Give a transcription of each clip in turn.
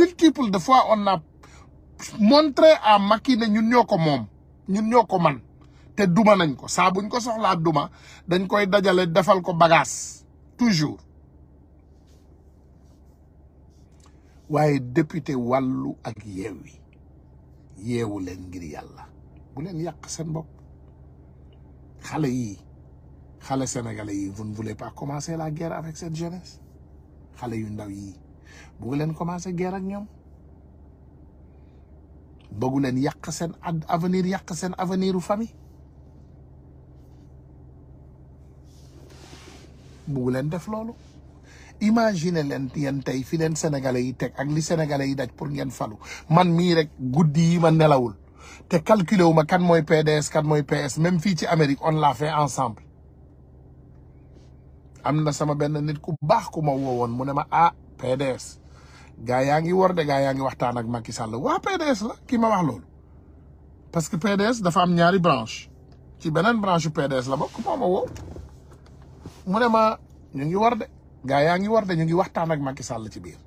multiple de fois on a montré à Macky ne ñun ñoo ko moom ñun ñoo ko man te duma nañ ko saa buñ ko soxlaa duma dañ koy dajale defal ko bagage toujours waaye député wàllu ak yeewi yeewu leen ngir yàlla bu leen yàq seen bopp xale yi xale sénégalais yi vous ne voulez pas commencer la guerre avec cette jeunesse xale yu ndaw yi bu leen commencé guerre ak ñoom bëggu leen yàq seen avenir yàq seen avenir u famille bëggu leen def loolu imagine leen yen tey fi leen sénégalais yi teg ak li sénégalais yi daj pour ngeen falu man mii rek guddi yi ma nelawul te calculé wu ma kan mooy PDS kan mooy PS même fii ci Amérique on l'a fait ensemble am na sama benn nit ku baax ku ma woowoon mu ne ma ah PDS gaa yaa ngi war de gaa yaa ngi waxtaan ak Macky Sall waa PDS la kii ma wax loolu parce que PDS dafa am ñaari branche ci beneen branche yu PDS la bokk moo ma woo mu ne ma ñu ngi war de gaa yaa ngi war de ñu ngi waxtaan ak Macky Sall ci biir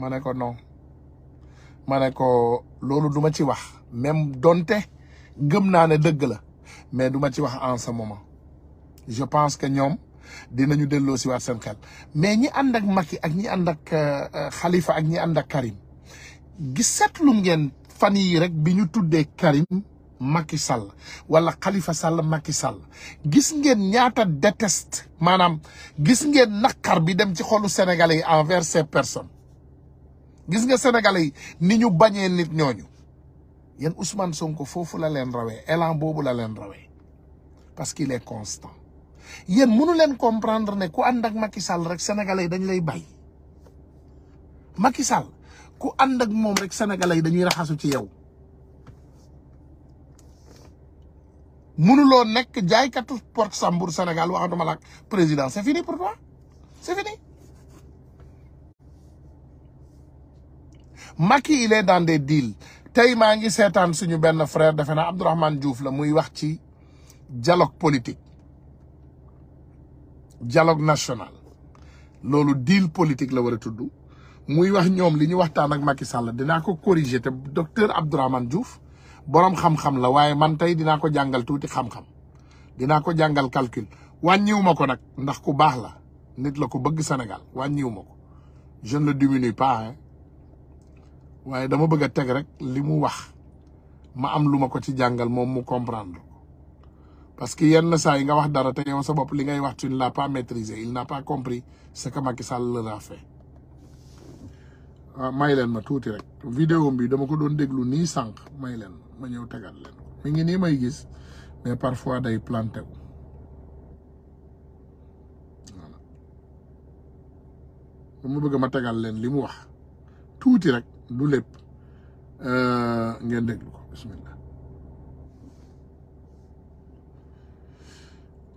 ma ne ko non ma ne ko loolu duma ci wax même donte gëm naa ne dëgg la mais duma ci wax en ce je pense que ñoom dina ñu delloo si waat seen xel mais ñi ànd ak Macky ak ñi ànd ak euh, euh, Khalifa ak ñi ànd ak Karim gi seetlu ngeen fan yii rek bi ñu tuddee Karim makki Sall wala Khalifa Sall makki Sall gis ngeen ñaata déteste maanaam gis ngeen nax kar bi dem ci xolu sénégalais yi envers ces personne gis nga sénégalais yi ni ñu bañee nit ñooñu yéen Ousmane Sonko foofu la leen rawee elan boobu la leen rawee parce qu'il est constant yéen mënu leen comprendre ne ku ànd ak Macky Sall rek sénégalais yi dañ lay bay maki Sall ku ànd moom rek sénégalais yi dañuy raxasu ci yow mënuloo nekk jaaykatu port sambour Sénégal waxatuma la président c'est fini pour toi c'est fini Macky il est dans des deals tey maa ngi seetaan suñu benn frère defe naa Abdourahmane Diouf la muy wax ci dialogue politique dialogue national loolu deal politique la war a tudd muy wax ñoom li ñu waxtaan ak Macky Sall dinaa ko corriger te docteur Abdourahmane Diouf borom xam-xam la waaye man tey dinaa ko jàngal tuuti xam-xam dinaa ko jàngal calcule wàññiwu ma ko nag ndax ku baax la nit la ko bëgg Sénégal wàññiwu ma ko je le diminue pas waaye dama bëgg a teg rek li mu wax ma am lu ma ko ci jàngal moom mu comprendre parce que yenn saa yi nga wax dara te yow sa bopp li ngay wax tu ne pas maîtrisé il n'a pas compris ce que Macky Sall leur a ah, may leen ma tuuti rek video bi dama ko doon déglu nii sànq may leen ma ñëw tegal leen mi ngi nii may gis mais parfois day planté wu voilà mu bëgg ma tegal leen li mu wax tuuti rek du lépp euh, ngeen déglu ko bismillah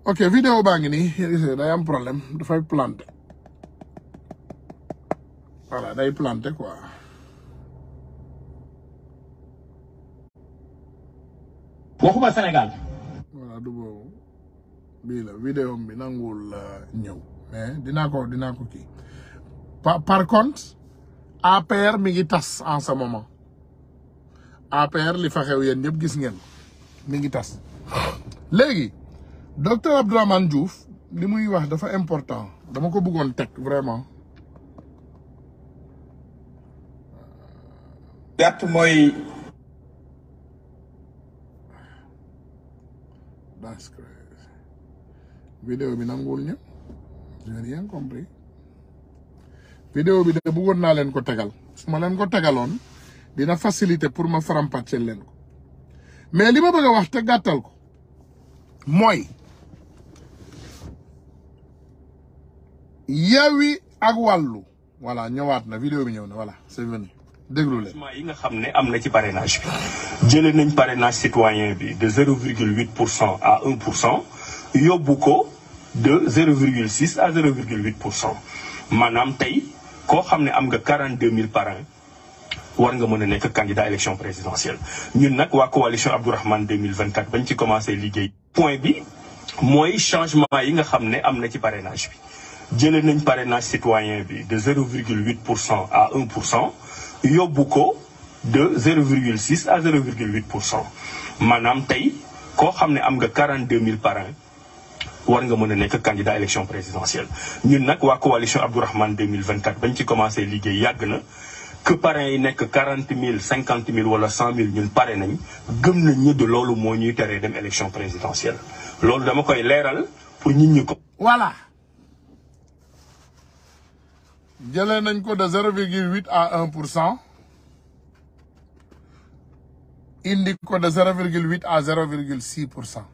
ok vidéo baa ngi nii gis day am problème dafay planté voilà day planté quoi waxuma Sénégal voilà du boobu bii la vidéo bi nanguwul euh, ñëw mais ko dinaa ko kii par contre APR mi ngi tas en ce moment APR li fa xew yéen ñëpp gis ngeen mi ngi tas léegi docteur Abdourahmane Diouf li muy wax dafa important dama ko buggoon teg vraiment. gàtt mooy. that's bi nanguwul ñëpp j'ai rien bi da bëggoon naa leen ko tegal su ma leen ko tegaloon dina facilité pour ma farampàcceel leen ko mais li ma bëgg a wax te gàttal ko mooy. Yewwi ak wàllu voilà ñëwaat na vidéo bi ñëw na voilà c'est venu déglu leen yi nga xam ne am na ci parrainage bi jëlee nañ parrainage citoyen bi de zéro virgule huit pour cent à pour cent yóbbu ko de zéro virgule six à zéro virgule pour cent maanaam tey koo xam ne am nga quarante deux mille parrains war nga mën a nekk candidat élection présidentielle ñun nag waa coalition Abdourahmane 2024 bañ ci commencé liggéey point bi mooy changement yi nga xam ne am na ci parrainage bi jëlee nañ parrainage citoyen bi de 0,8 pour cent à 1 pour cent yóbbu ko de 0,6 à 0,8 pour cent maanaam tey koo xam ne am nga 42 000 parrains war nga mën a nekk candidat élection présidentielle. ñun nag waa coalition Abdourahmane 2024 bañ ci commencé liggéey yàgg na que parrains yi nekk 40 mille 50 mille wala 100 000 ñun pare nañ gëm nañ ñu de loolu moo ñuy teree dem élection présidentielle loolu dama koy leeral pour ñu ñi ko. voilà. jëlee nañ ko de zéro virgule huit à un pour cent indi ko de zéro virgule huit à zéro virgule six pour cent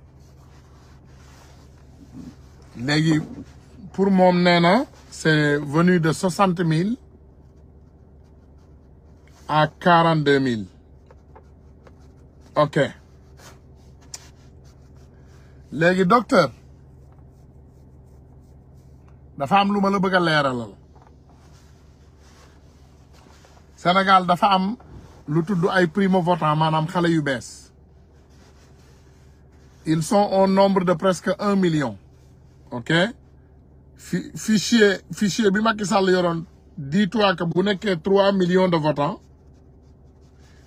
léegi pour moom nee na c'est venu de soixante mille à quarante deux mille ok léegi docteur dafa am lu ma la bëgg a leeralal Sénégal dafa am lu tudd ay primo-votants maanaam xale yu bees ils sont au nombre de presque un million ok fi fichier fichier bi Macky Sall yoroon dis-toi que bu nekkee trois millions de votants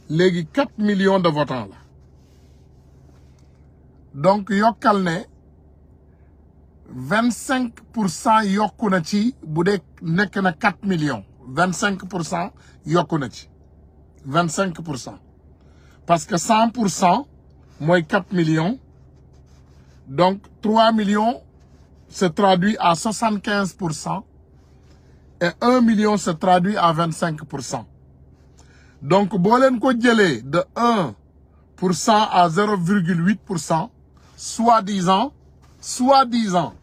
léegi quatre millions de votants la donc yokkal ne vingt cinq pour cent yokku na ci bu dee nekk na quatre millions vingt cinq pour cent yokku na ci vingt cinq pour cent parce que cent pour cent mooy quatre million donc trois millions se traduit à soixante quinze pour cent et un million se traduit à vingt cinq pour cent donc boo leen ko jëlee de un pour cent à zéro virgule huit pour cent soi-disant soi-disant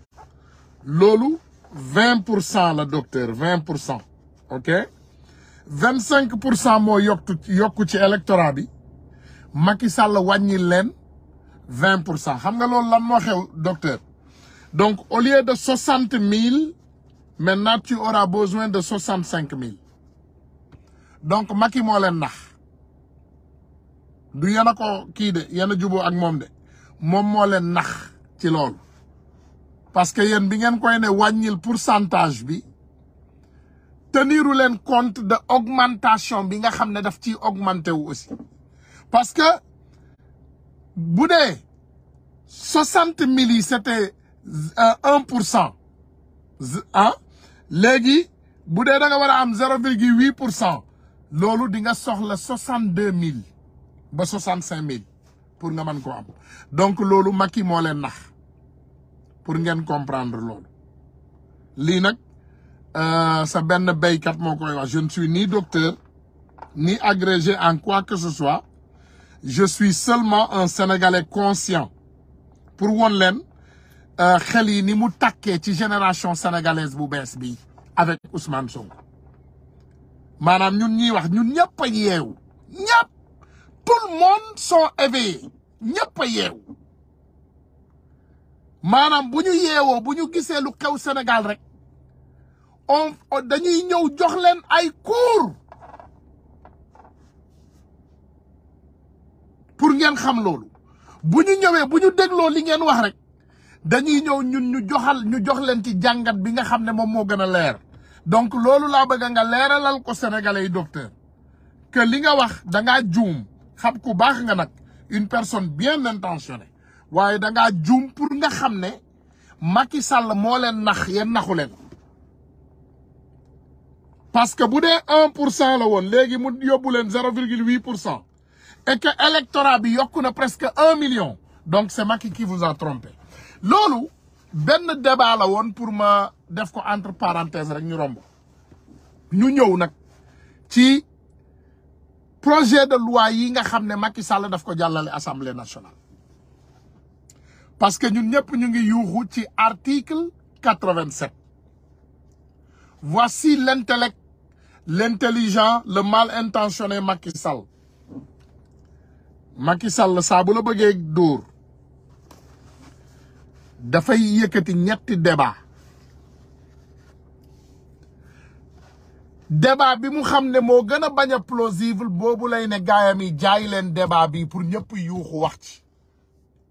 loolu vingt pour cent la docteur vingt pour cent ok vingt cinq pour cent moo yokku yokku ci électorat bi Macky Sall wàññil leen vingt pour cent xam nga loolu lan moo xew docteur donc au lieu de soixante mille maintenant ci auras besoin de soixante cinq mille donc Macky moo leen nax du yéen a ko kii de yéen a juboo ak moom de moom moo leen nax ci loolu parce que yéen bi ngeen koy ne wàññil pourcentage bi teniru leen compte de augmentation bi nga xam ne daf ciy augmenté wu aussi parce que bu dee soixante mille yi c'était euh, un pour cent ah léegi bu dee da nga war a am zéro virgule huit pour cent loolu di nga soxla soixante deux mille ba soixante cinq mille pour nga mën ko am donc loolu Macky moo leen nax pour ngeen comprendre loolu lii nag Euh, sa benn béykat moo koy wax je ne suis ni docteur ni agrégé en quoi que ce soit je suis seulement un sénégalais conscient pour won leen euh, xel yi ni mu takkee ci génération sénégalaise bu bees bi avec Ousmane Sonko maanaam ñun ñuy wax ñun ñëpp yeew yeewu ñëpp tout le monde sont éveillés ñëpp a yeewu maanaam bu ñu yeewoo bu ñu gisee lu xew Sénégal rek on dañuy ñëw jox leen ay cours pour ngeen xam loolu bu ñu ñëwee bu ñu dégloo li ngeen wax rek dañuy ñëw ñun ñu joxal ñu jox leen ci jàngat bi nga xam ne moom moo gën a leer donc loolu laa bëgg nga leeralal ko sénégalais yi docteur que li nga wax dangaa juum xam ku baax nga nag une personne bien intentionnée waaye dangaa juum pour nga xam ne Macky Sall moo leen nax yéen naxu leen parce que bu dee un pour cent la woon léegi mu yóbbu leen zéro virgule huit pour cent que électorat bi yokku na presque un million donc c'est Macky qui vous a trompé loolu benn débat la woon pour ma def ko entre parenthèse rek ñu romb ñu ñëw nag ci projet de loi yi nga xam ne Macky Sall daf ko jàllale assemblée nationale parce que ñun ñëpp ñu ngi yuuxu ci article quatre-vingt-sept voici l'intellect l'intelligent le mal intentionné Macky Sall Macky Sall saa bu bëggee dóor dafay yëkkati ñetti débat débat bi mu xam ne moo gën a bañ a plausible boobu lay ne gaayam yi jaay leen débat bi pour ñëpp yuuxu wax ci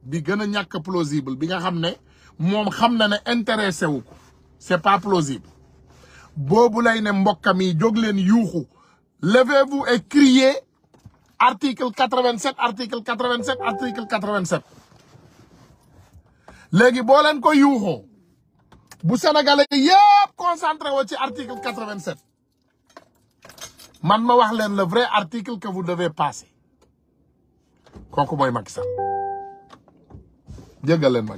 bi gën a ñàkk plausible bi nga xam ne moom xam na ne intéressé wu ko c'est pas plausible boobu lay ne mbokkam yi jóg leen yuuxu levez-vous et criez article quatre-vingt-sept article quatre-vingt-sept article quatre-vingt-sept léegi boo leen ko yuuxoo bu sénégalais yëpp concentré woo ci article quatre-vingt-sept man ma wax leen le vrai article que vous devez passer kooku mooy Macky leen ma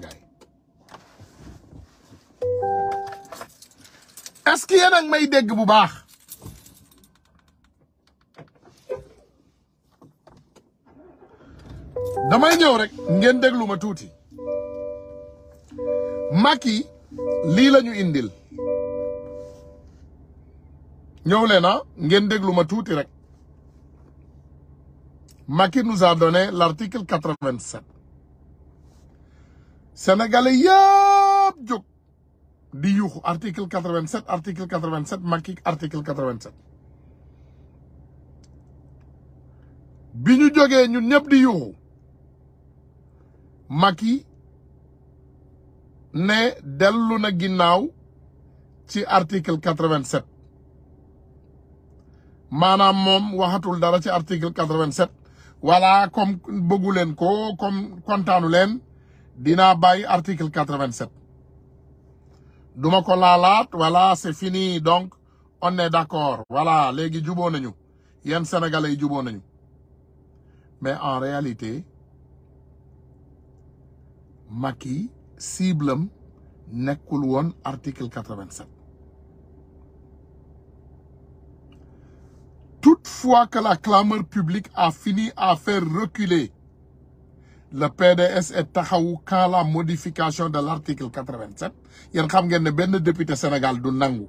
est-ce que yéen a may dégg bu baax damay ñëw rek ngeen déglu ma tuuti Macky lii la indil ñëw leen na ah, ngeen déglu ma tuuti rek Macky nous a donné l'article quatre-vingt-sept sénégalais yëpp jóg di yuuxu article quatre vingt sept article quatre vingt sept Macky article bi ñu jógee ñun ñëpp di yuuxu Macky ne dellu na ginnaaw ci article quatre maanaam moom waxatul dara ci article quatre vingt sept voilà comme ko comme kontaanu leen dinaa bàyyi article quatre vingt duma ko laalaat voilà c'est fini donc on est d'accord voilà léegi juboo nañu yenn sénégalais yi juboo nañu mais en réalité Macky ciblam nekkul woon article quatre-vingt-sept toutefois que la clameur publique a fini à faire reculer le PDS et taxawu quand la modification de l' article quatre vingt sept yéen xam ngeen ne benn député Sénégal du nangu.